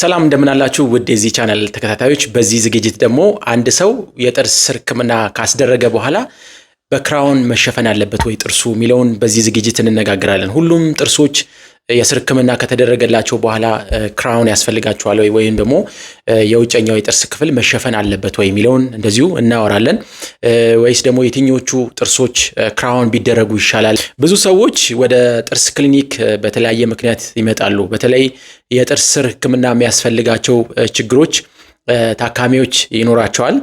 ሰላም እንደምናላችሁ ውድ የዚህ ቻናል ተከታታዮች፣ በዚህ ዝግጅት ደግሞ አንድ ሰው የጥርስ ሕክምና ካስደረገ በኋላ በክራውን መሸፈን አለበት ወይ ጥርሱ የሚለውን በዚህ ዝግጅት እንነጋግራለን። ሁሉም ጥርሶች የስር ህክምና ከተደረገላቸው በኋላ ክራውን ያስፈልጋቸዋል ወይ ወይም ደግሞ የውጨኛው የጥርስ ክፍል መሸፈን አለበት ወይ የሚለውን እንደዚሁ እናወራለን። ወይስ ደግሞ የትኞቹ ጥርሶች ክራውን ቢደረጉ ይሻላል? ብዙ ሰዎች ወደ ጥርስ ክሊኒክ በተለያየ ምክንያት ይመጣሉ። በተለይ የጥርስ ስር ህክምና የሚያስፈልጋቸው ችግሮች ታካሚዎች ይኖራቸዋል።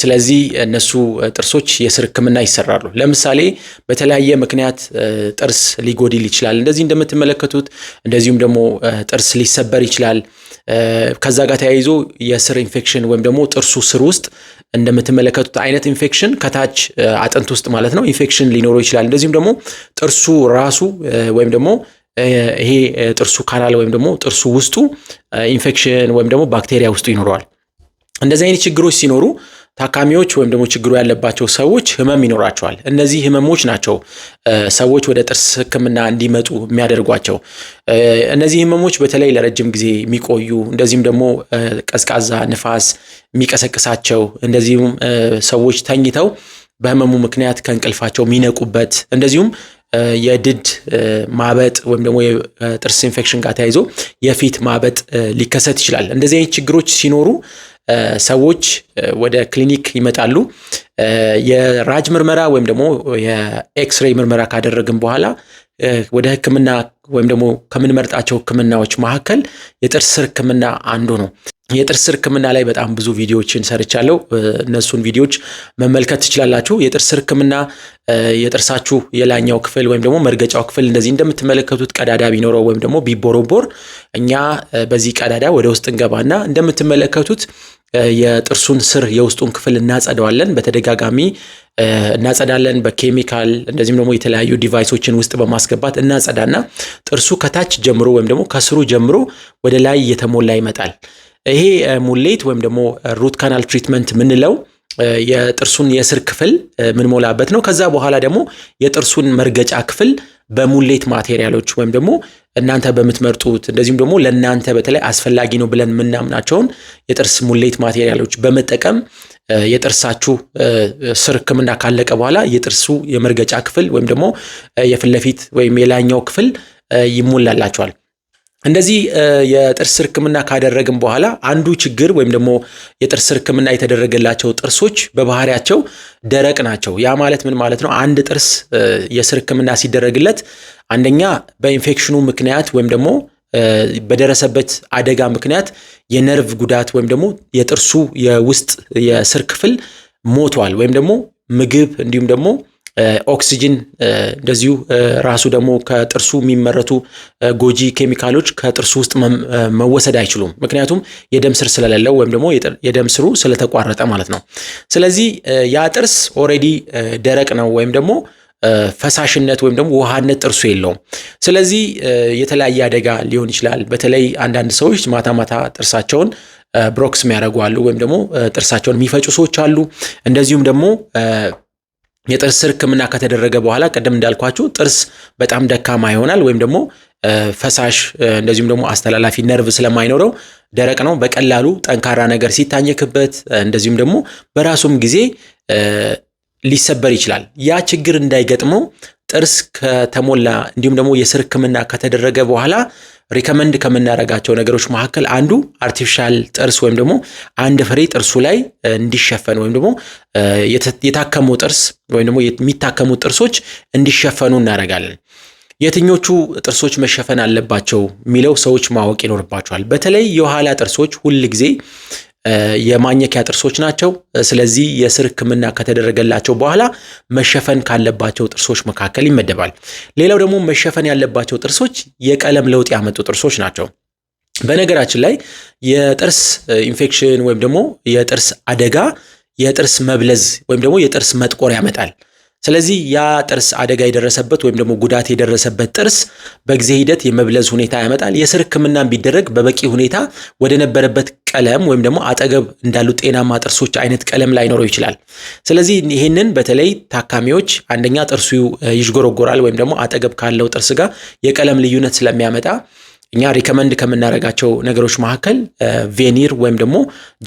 ስለዚህ እነሱ ጥርሶች የስር ህክምና ይሰራሉ። ለምሳሌ በተለያየ ምክንያት ጥርስ ሊጎድል ይችላል፣ እንደዚህ እንደምትመለከቱት። እንደዚሁም ደግሞ ጥርስ ሊሰበር ይችላል። ከዛ ጋር ተያይዞ የስር ኢንፌክሽን ወይም ደግሞ ጥርሱ ስር ውስጥ እንደምትመለከቱት አይነት ኢንፌክሽን ከታች አጥንት ውስጥ ማለት ነው ኢንፌክሽን ሊኖረው ይችላል። እንደዚሁም ደግሞ ጥርሱ ራሱ ወይም ደግሞ ይሄ ጥርሱ ካናል ወይም ደግሞ ጥርሱ ውስጡ ኢንፌክሽን ወይም ደግሞ ባክቴሪያ ውስጡ ይኖረዋል። እንደዚህ አይነት ችግሮች ሲኖሩ ታካሚዎች ወይም ደግሞ ችግሩ ያለባቸው ሰዎች ህመም ይኖራቸዋል። እነዚህ ህመሞች ናቸው ሰዎች ወደ ጥርስ ህክምና እንዲመጡ የሚያደርጓቸው። እነዚህ ህመሞች በተለይ ለረጅም ጊዜ የሚቆዩ እንደዚሁም ደግሞ ቀዝቃዛ ንፋስ የሚቀሰቅሳቸው እንደዚሁም ሰዎች ተኝተው በህመሙ ምክንያት ከእንቅልፋቸው የሚነቁበት እንደዚሁም የድድ ማበጥ ወይም ደግሞ የጥርስ ኢንፌክሽን ጋር ተያይዞ የፊት ማበጥ ሊከሰት ይችላል። እንደዚህ አይነት ችግሮች ሲኖሩ ሰዎች ወደ ክሊኒክ ይመጣሉ። የራጅ ምርመራ ወይም ደግሞ የኤክስሬይ ምርመራ ካደረግን በኋላ ወደ ሕክምና ወይም ደግሞ ከምንመርጣቸው ህክምናዎች መካከል የጥርስ ስር ህክምና አንዱ ነው። የጥርስ ስር ህክምና ላይ በጣም ብዙ ቪዲዮዎችን ሰርቻለሁ። እነሱን ቪዲዮዎች መመልከት ትችላላችሁ። የጥርስ ስር ህክምና የጥርሳችሁ የላኛው ክፍል ወይም ደግሞ መርገጫው ክፍል እንደዚህ እንደምትመለከቱት ቀዳዳ ቢኖረው ወይም ደግሞ ቢቦረቦር እኛ በዚህ ቀዳዳ ወደ ውስጥ እንገባና እንደምትመለከቱት የጥርሱን ስር የውስጡን ክፍል እናጸደዋለን። በተደጋጋሚ እናጸዳለን በኬሚካል እንደዚህም ደግሞ የተለያዩ ዲቫይሶችን ውስጥ በማስገባት እናጸዳና ጥርሱ ከታች ጀምሮ ወይም ደግሞ ከስሩ ጀምሮ ወደ ላይ እየተሞላ ይመጣል። ይሄ ሙሌት ወይም ደግሞ ሩት ካናል ትሪትመንት የምንለው የጥርሱን የስር ክፍል ምንሞላበት ነው። ከዛ በኋላ ደግሞ የጥርሱን መርገጫ ክፍል በሙሌት ማቴሪያሎች ወይም ደግሞ እናንተ በምትመርጡት እንደዚሁም ደግሞ ለእናንተ በተለይ አስፈላጊ ነው ብለን የምናምናቸውን የጥርስ ሙሌት ማቴሪያሎች በመጠቀም የጥርሳችሁ ስር ሕክምና ካለቀ በኋላ የጥርሱ የመርገጫ ክፍል ወይም ደግሞ የፊት ለፊት ወይም የላይኛው ክፍል ይሞላላቸዋል። እንደዚህ የጥርስ ሕክምና ካደረግን በኋላ አንዱ ችግር ወይም ደግሞ የጥርስ ሕክምና የተደረገላቸው ጥርሶች በባህሪያቸው ደረቅ ናቸው። ያ ማለት ምን ማለት ነው? አንድ ጥርስ የስር ሕክምና ሲደረግለት አንደኛ በኢንፌክሽኑ ምክንያት ወይም ደግሞ በደረሰበት አደጋ ምክንያት የነርቭ ጉዳት ወይም ደግሞ የጥርሱ የውስጥ የስር ክፍል ሞቷል ወይም ደግሞ ምግብ እንዲሁም ደግሞ ኦክሲጅን እንደዚሁ ራሱ ደግሞ ከጥርሱ የሚመረቱ ጎጂ ኬሚካሎች ከጥርሱ ውስጥ መወሰድ አይችሉም። ምክንያቱም የደም ስር ስለሌለው ወይም ደግሞ የደም ስሩ ስለተቋረጠ ማለት ነው። ስለዚህ ያ ጥርስ ኦልሬዲ ደረቅ ነው ወይም ደግሞ ፈሳሽነት ወይም ደግሞ ውሃነት ጥርሱ የለውም። ስለዚህ የተለያየ አደጋ ሊሆን ይችላል። በተለይ አንዳንድ ሰዎች ማታ ማታ ጥርሳቸውን ብሮክስ የሚያደርጉ አሉ፣ ወይም ደግሞ ጥርሳቸውን የሚፈጩ ሰዎች አሉ። እንደዚሁም ደግሞ የጥርስ ሕክምና ከተደረገ በኋላ ቅድም እንዳልኳችሁ ጥርስ በጣም ደካማ ይሆናል ወይም ደግሞ ፈሳሽ እንደዚሁም ደግሞ አስተላላፊ ነርቭ ስለማይኖረው ደረቅ ነው። በቀላሉ ጠንካራ ነገር ሲታኘክበት እንደዚሁም ደግሞ በራሱም ጊዜ ሊሰበር ይችላል። ያ ችግር እንዳይገጥመው ጥርስ ከተሞላ እንዲሁም ደግሞ የስር ህክምና ከተደረገ በኋላ ሪከመንድ ከምናደርጋቸው ነገሮች መካከል አንዱ አርቲፊሻል ጥርስ ወይም ደግሞ አንድ ፍሬ ጥርሱ ላይ እንዲሸፈን ወይም ደግሞ የታከሙ ጥርስ ወይም ደግሞ የሚታከሙ ጥርሶች እንዲሸፈኑ እናደርጋለን። የትኞቹ ጥርሶች መሸፈን አለባቸው የሚለው ሰዎች ማወቅ ይኖርባቸዋል። በተለይ የኋላ ጥርሶች ሁል ጊዜ የማኘኪያ ጥርሶች ናቸው። ስለዚህ የስር ህክምና ከተደረገላቸው በኋላ መሸፈን ካለባቸው ጥርሶች መካከል ይመደባል። ሌላው ደግሞ መሸፈን ያለባቸው ጥርሶች የቀለም ለውጥ ያመጡ ጥርሶች ናቸው። በነገራችን ላይ የጥርስ ኢንፌክሽን ወይም ደግሞ የጥርስ አደጋ የጥርስ መብለዝ ወይም ደግሞ የጥርስ መጥቆር ያመጣል። ስለዚህ ያ ጥርስ አደጋ የደረሰበት ወይም ደግሞ ጉዳት የደረሰበት ጥርስ በጊዜ ሂደት የመብለዝ ሁኔታ ያመጣል። የስር ሕክምናን ቢደረግ በበቂ ሁኔታ ወደ ነበረበት ቀለም ወይም ደግሞ አጠገብ እንዳሉ ጤናማ ጥርሶች አይነት ቀለም ላይኖረው ይችላል። ስለዚህ ይህንን በተለይ ታካሚዎች አንደኛ ጥርሱ ይዥጎረጎራል ወይም ደግሞ አጠገብ ካለው ጥርስ ጋር የቀለም ልዩነት ስለሚያመጣ እኛ ሪከመንድ ከምናደርጋቸው ነገሮች መካከል ቬኒር ወይም ደግሞ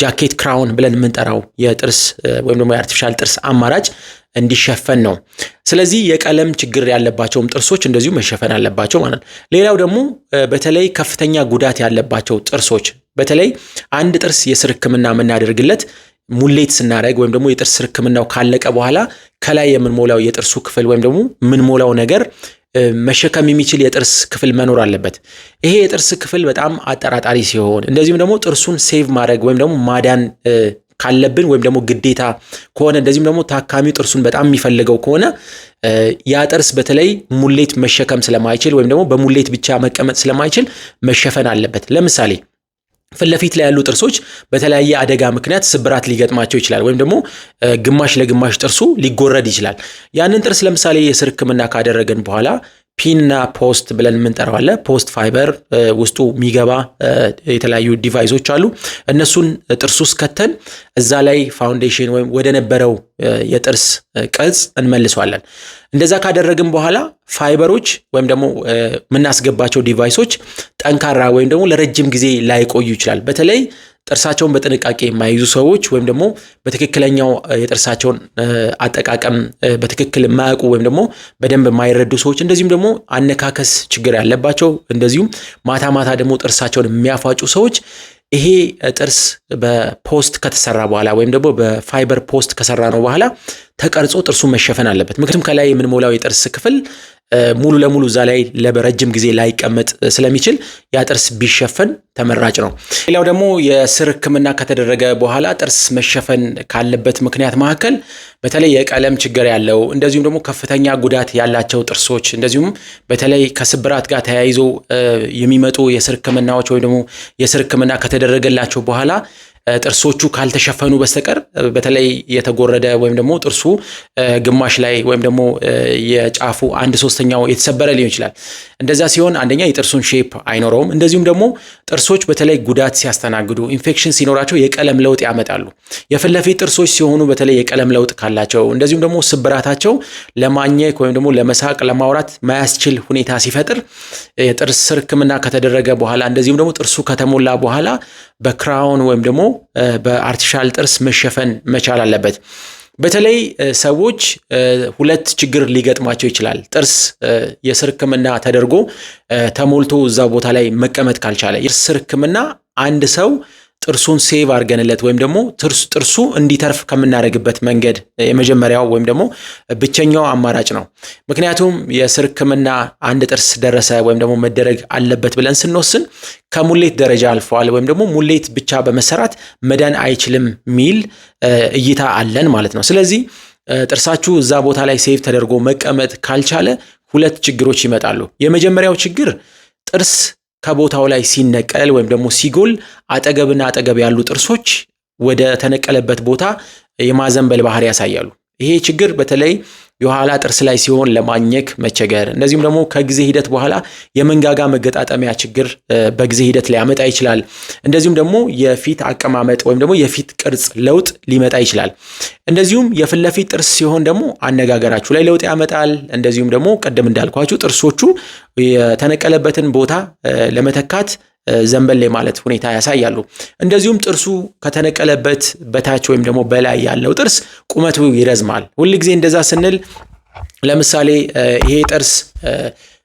ጃኬት ክራውን ብለን የምንጠራው የጥርስ ወይም ደግሞ የአርቲፊሻል ጥርስ አማራጭ እንዲሸፈን ነው። ስለዚህ የቀለም ችግር ያለባቸውም ጥርሶች እንደዚሁ መሸፈን አለባቸው ማለት ነው። ሌላው ደግሞ በተለይ ከፍተኛ ጉዳት ያለባቸው ጥርሶች በተለይ አንድ ጥርስ የስር ሕክምና የምናደርግለት ሙሌት ስናደርግ ወይም ደግሞ የጥርስ ሕክምናው ካለቀ በኋላ ከላይ የምንሞላው የጥርሱ ክፍል ወይም ደግሞ የምንሞላው ነገር መሸከም የሚችል የጥርስ ክፍል መኖር አለበት። ይሄ የጥርስ ክፍል በጣም አጠራጣሪ ሲሆን፣ እንደዚሁም ደግሞ ጥርሱን ሴቭ ማድረግ ወይም ደግሞ ማዳን ካለብን ወይም ደግሞ ግዴታ ከሆነ እንደዚሁም ደግሞ ታካሚው ጥርሱን በጣም የሚፈልገው ከሆነ ያ ጥርስ በተለይ ሙሌት መሸከም ስለማይችል ወይም ደግሞ በሙሌት ብቻ መቀመጥ ስለማይችል መሸፈን አለበት። ለምሳሌ ፊት ለፊት ላይ ያሉ ጥርሶች በተለያየ አደጋ ምክንያት ስብራት ሊገጥማቸው ይችላል፣ ወይም ደግሞ ግማሽ ለግማሽ ጥርሱ ሊጎረድ ይችላል። ያንን ጥርስ ለምሳሌ የስር ሕክምና ካደረገን በኋላ ፒንና ፖስት ብለን የምንጠራው ፖስት ፋይበር ውስጡ የሚገባ የተለያዩ ዲቫይሶች አሉ። እነሱን ጥርስ ውስጥ ከተን እዛ ላይ ፋውንዴሽን ወይም ወደ ነበረው የጥርስ ቅርጽ እንመልሰዋለን። እንደዛ ካደረግን በኋላ ፋይበሮች ወይም ደግሞ የምናስገባቸው ዲቫይሶች ጠንካራ ወይም ደግሞ ለረጅም ጊዜ ላይቆዩ ይችላል። በተለይ ጥርሳቸውን በጥንቃቄ የማይይዙ ሰዎች ወይም ደግሞ በትክክለኛው የጥርሳቸውን አጠቃቀም በትክክል የማያውቁ ወይም ደግሞ በደንብ የማይረዱ ሰዎች እንደዚሁም ደግሞ አነካከስ ችግር ያለባቸው እንደዚሁም ማታ ማታ ደግሞ ጥርሳቸውን የሚያፋጩ ሰዎች ይሄ ጥርስ በፖስት ከተሰራ በኋላ ወይም ደግሞ በፋይበር ፖስት ከሰራ ነው በኋላ ተቀርጾ ጥርሱ መሸፈን አለበት። ምክንያቱም ከላይ የምንሞላው የጥርስ ክፍል ሙሉ ለሙሉ እዛ ላይ ለረጅም ጊዜ ላይቀመጥ ስለሚችል ያ ጥርስ ቢሸፈን ተመራጭ ነው። ሌላው ደግሞ የስር ሕክምና ከተደረገ በኋላ ጥርስ መሸፈን ካለበት ምክንያት መካከል በተለይ የቀለም ችግር ያለው እንደዚሁም ደግሞ ከፍተኛ ጉዳት ያላቸው ጥርሶች እንደዚሁም በተለይ ከስብራት ጋር ተያይዞ የሚመጡ የስር ሕክምናዎች ወይም ደግሞ የስር ሕክምና ከተደረገላቸው በኋላ ጥርሶቹ ካልተሸፈኑ በስተቀር በተለይ የተጎረደ ወይም ደግሞ ጥርሱ ግማሽ ላይ ወይም ደግሞ የጫፉ አንድ ሶስተኛው የተሰበረ ሊሆን ይችላል። እንደዛ ሲሆን አንደኛ የጥርሱን ሼፕ አይኖረውም። እንደዚሁም ደግሞ ጥርሶች በተለይ ጉዳት ሲያስተናግዱ፣ ኢንፌክሽን ሲኖራቸው የቀለም ለውጥ ያመጣሉ። የፊት ለፊት ጥርሶች ሲሆኑ በተለይ የቀለም ለውጥ ካላቸው፣ እንደዚሁም ደግሞ ስብራታቸው ለማኘክ ወይም ደግሞ ለመሳቅ ለማውራት ማያስችል ሁኔታ ሲፈጥር የጥርስ ሕክምና ከተደረገ በኋላ እንደዚሁም ደግሞ ጥርሱ ከተሞላ በኋላ በክራውን ወይም ደግሞ በአርቲሻል ጥርስ መሸፈን መቻል አለበት። በተለይ ሰዎች ሁለት ችግር ሊገጥማቸው ይችላል። ጥርስ የስር ሕክምና ተደርጎ ተሞልቶ እዛ ቦታ ላይ መቀመጥ ካልቻለ የስር ሕክምና አንድ ሰው ጥርሱን ሴቭ አድርገንለት ወይም ደግሞ ጥርሱ እንዲተርፍ ከምናደርግበት መንገድ የመጀመሪያው ወይም ደግሞ ብቸኛው አማራጭ ነው። ምክንያቱም የስር ሕክምና አንድ ጥርስ ደረሰ ወይም ደግሞ መደረግ አለበት ብለን ስንወስን ከሙሌት ደረጃ አልፈዋል ወይም ደግሞ ሙሌት ብቻ በመሰራት መዳን አይችልም የሚል እይታ አለን ማለት ነው። ስለዚህ ጥርሳችሁ እዛ ቦታ ላይ ሴቭ ተደርጎ መቀመጥ ካልቻለ ሁለት ችግሮች ይመጣሉ። የመጀመሪያው ችግር ጥርስ ከቦታው ላይ ሲነቀል ወይም ደግሞ ሲጎል አጠገብና አጠገብ ያሉ ጥርሶች ወደ ተነቀለበት ቦታ የማዘንበል ባህሪ ያሳያሉ። ይሄ ችግር በተለይ የኋላ ጥርስ ላይ ሲሆን ለማኘክ መቸገር፣ እንደዚሁም ደግሞ ከጊዜ ሂደት በኋላ የመንጋጋ መገጣጠሚያ ችግር በጊዜ ሂደት ሊያመጣ ይችላል። እንደዚሁም ደግሞ የፊት አቀማመጥ ወይም ደግሞ የፊት ቅርጽ ለውጥ ሊመጣ ይችላል። እንደዚሁም የፊት ለፊት ጥርስ ሲሆን ደግሞ አነጋገራችሁ ላይ ለውጥ ያመጣል። እንደዚሁም ደግሞ ቅድም እንዳልኳችሁ ጥርሶቹ የተነቀለበትን ቦታ ለመተካት ዘንበሌ ማለት ሁኔታ ያሳያሉ። እንደዚሁም ጥርሱ ከተነቀለበት በታች ወይም ደግሞ በላይ ያለው ጥርስ ቁመቱ ይረዝማል። ሁልጊዜ እንደዛ ስንል ለምሳሌ ይሄ ጥርስ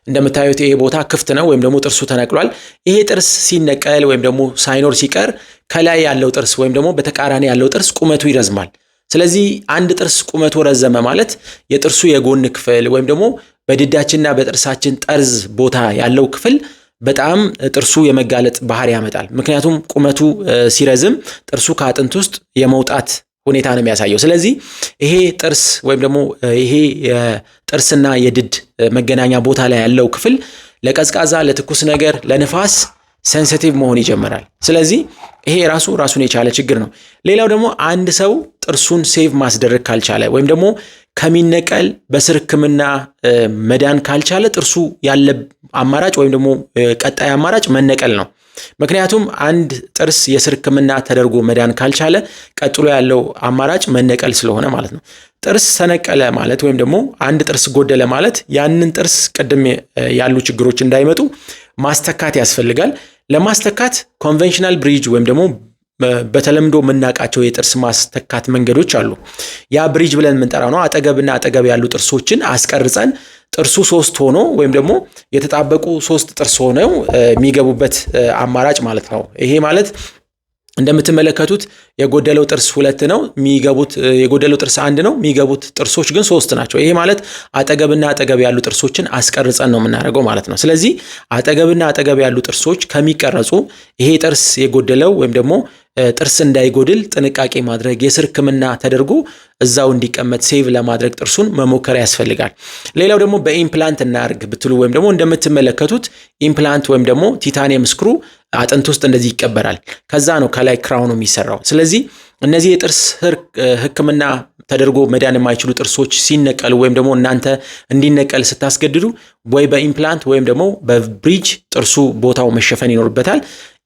እንደምታዩት ይሄ ቦታ ክፍት ነው ወይም ደግሞ ጥርሱ ተነቅሏል። ይሄ ጥርስ ሲነቀል ወይም ደግሞ ሳይኖር ሲቀር ከላይ ያለው ጥርስ ወይም ደግሞ በተቃራኒ ያለው ጥርስ ቁመቱ ይረዝማል። ስለዚህ አንድ ጥርስ ቁመቱ ረዘመ ማለት የጥርሱ የጎን ክፍል ወይም ደግሞ በድዳችንና በጥርሳችን ጠርዝ ቦታ ያለው ክፍል በጣም ጥርሱ የመጋለጥ ባህሪ ያመጣል። ምክንያቱም ቁመቱ ሲረዝም ጥርሱ ከአጥንት ውስጥ የመውጣት ሁኔታ ነው የሚያሳየው። ስለዚህ ይሄ ጥርስ ወይም ደግሞ ይሄ የጥርስና የድድ መገናኛ ቦታ ላይ ያለው ክፍል ለቀዝቃዛ፣ ለትኩስ ነገር፣ ለንፋስ ሴንሲቲቭ መሆን ይጀምራል። ስለዚህ ይሄ ራሱ ራሱን የቻለ ችግር ነው። ሌላው ደግሞ አንድ ሰው ጥርሱን ሴቭ ማስደረግ ካልቻለ ወይም ደግሞ ከሚነቀል በስር ህክምና መዳን ካልቻለ ጥርሱ ያለ አማራጭ ወይም ደግሞ ቀጣይ አማራጭ መነቀል ነው። ምክንያቱም አንድ ጥርስ የስር ህክምና ተደርጎ መዳን ካልቻለ ቀጥሎ ያለው አማራጭ መነቀል ስለሆነ ማለት ነው። ጥርስ ሰነቀለ ማለት ወይም ደግሞ አንድ ጥርስ ጎደለ ማለት ያንን ጥርስ ቅድም ያሉ ችግሮች እንዳይመጡ ማስተካት ያስፈልጋል። ለማስተካት ኮንቨንሽናል ብሪጅ ወይም ደግሞ በተለምዶ የምናውቃቸው የጥርስ ማስተካት መንገዶች አሉ። ያ ብሪጅ ብለን የምንጠራው ነው። አጠገብና አጠገብ ያሉ ጥርሶችን አስቀርጸን ጥርሱ ሶስት ሆኖ ወይም ደግሞ የተጣበቁ ሶስት ጥርስ ሆነው የሚገቡበት አማራጭ ማለት ነው። ይሄ ማለት እንደምትመለከቱት የጎደለው ጥርስ ሁለት ነው የሚገቡት፣ የጎደለው ጥርስ አንድ ነው የሚገቡት ጥርሶች ግን ሶስት ናቸው። ይሄ ማለት አጠገብና አጠገብ ያሉ ጥርሶችን አስቀርጸን ነው የምናደርገው ማለት ነው። ስለዚህ አጠገብና አጠገብ ያሉ ጥርሶች ከሚቀረጹ ይሄ ጥርስ የጎደለው ወይም ደግሞ ጥርስ እንዳይጎድል ጥንቃቄ ማድረግ የስር ህክምና ተደርጎ እዛው እንዲቀመጥ ሴቭ ለማድረግ ጥርሱን መሞከር ያስፈልጋል። ሌላው ደግሞ በኢምፕላንት እናርግ ብትሉ ወይም ደግሞ እንደምትመለከቱት ኢምፕላንት ወይም ደግሞ ቲታኒየም ስክሩ አጥንት ውስጥ እንደዚህ ይቀበራል። ከዛ ነው ከላይ ክራውኑ የሚሰራው። ስለዚህ እነዚህ የጥርስ ህክምና ተደርጎ መዳን የማይችሉ ጥርሶች ሲነቀሉ ወይም ደግሞ እናንተ እንዲነቀል ስታስገድዱ ወይ በኢምፕላንት ወይም ደግሞ በብሪጅ ጥርሱ ቦታው መሸፈን ይኖርበታል።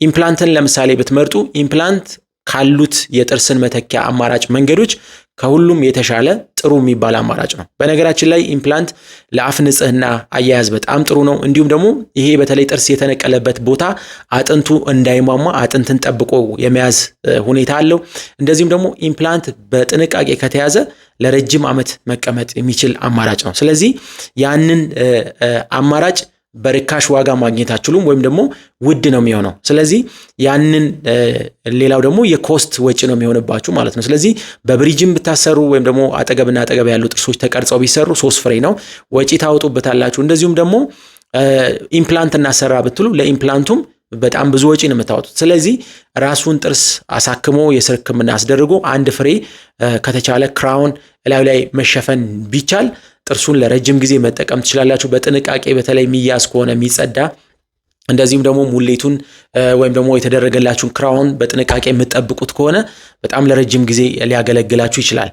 ኢምፕላንትን ለምሳሌ ብትመርጡ ኢምፕላንት ካሉት የጥርስን መተኪያ አማራጭ መንገዶች ከሁሉም የተሻለ ጥሩ የሚባል አማራጭ ነው። በነገራችን ላይ ኢምፕላንት ለአፍ ንጽህና አያያዝ በጣም ጥሩ ነው። እንዲሁም ደግሞ ይሄ በተለይ ጥርስ የተነቀለበት ቦታ አጥንቱ እንዳይሟሟ አጥንትን ጠብቆ የመያዝ ሁኔታ አለው። እንደዚሁም ደግሞ ኢምፕላንት በጥንቃቄ ከተያዘ ለረጅም ዓመት መቀመጥ የሚችል አማራጭ ነው። ስለዚህ ያንን አማራጭ በርካሽ ዋጋ ማግኘት አችሉም ወይም ደግሞ ውድ ነው የሚሆነው። ስለዚህ ያንን ሌላው ደግሞ የኮስት ወጪ ነው የሚሆንባችሁ ማለት ነው። ስለዚህ በብሪጅም ብታሰሩ ወይም ደግሞ አጠገብና አጠገብ ያሉ ጥርሶች ተቀርጸው ቢሰሩ ሶስት ፍሬ ነው ወጪ ታወጡበታላችሁ። እንደዚሁም ደግሞ ኢምፕላንት እናሰራ ብትሉ ለኢምፕላንቱም በጣም ብዙ ወጪ ነው የምታወጡት። ስለዚህ ራሱን ጥርስ አሳክሞ የስር ሕክምና አስደርጎ አንድ ፍሬ ከተቻለ ክራውን እላዩ ላይ መሸፈን ቢቻል ጥርሱን ለረጅም ጊዜ መጠቀም ትችላላችሁ። በጥንቃቄ በተለይ የሚያዝ ከሆነ የሚጸዳ እንደዚሁም ደግሞ ሙሌቱን ወይም ደግሞ የተደረገላችሁን ክራውን በጥንቃቄ የምትጠብቁት ከሆነ በጣም ለረጅም ጊዜ ሊያገለግላችሁ ይችላል።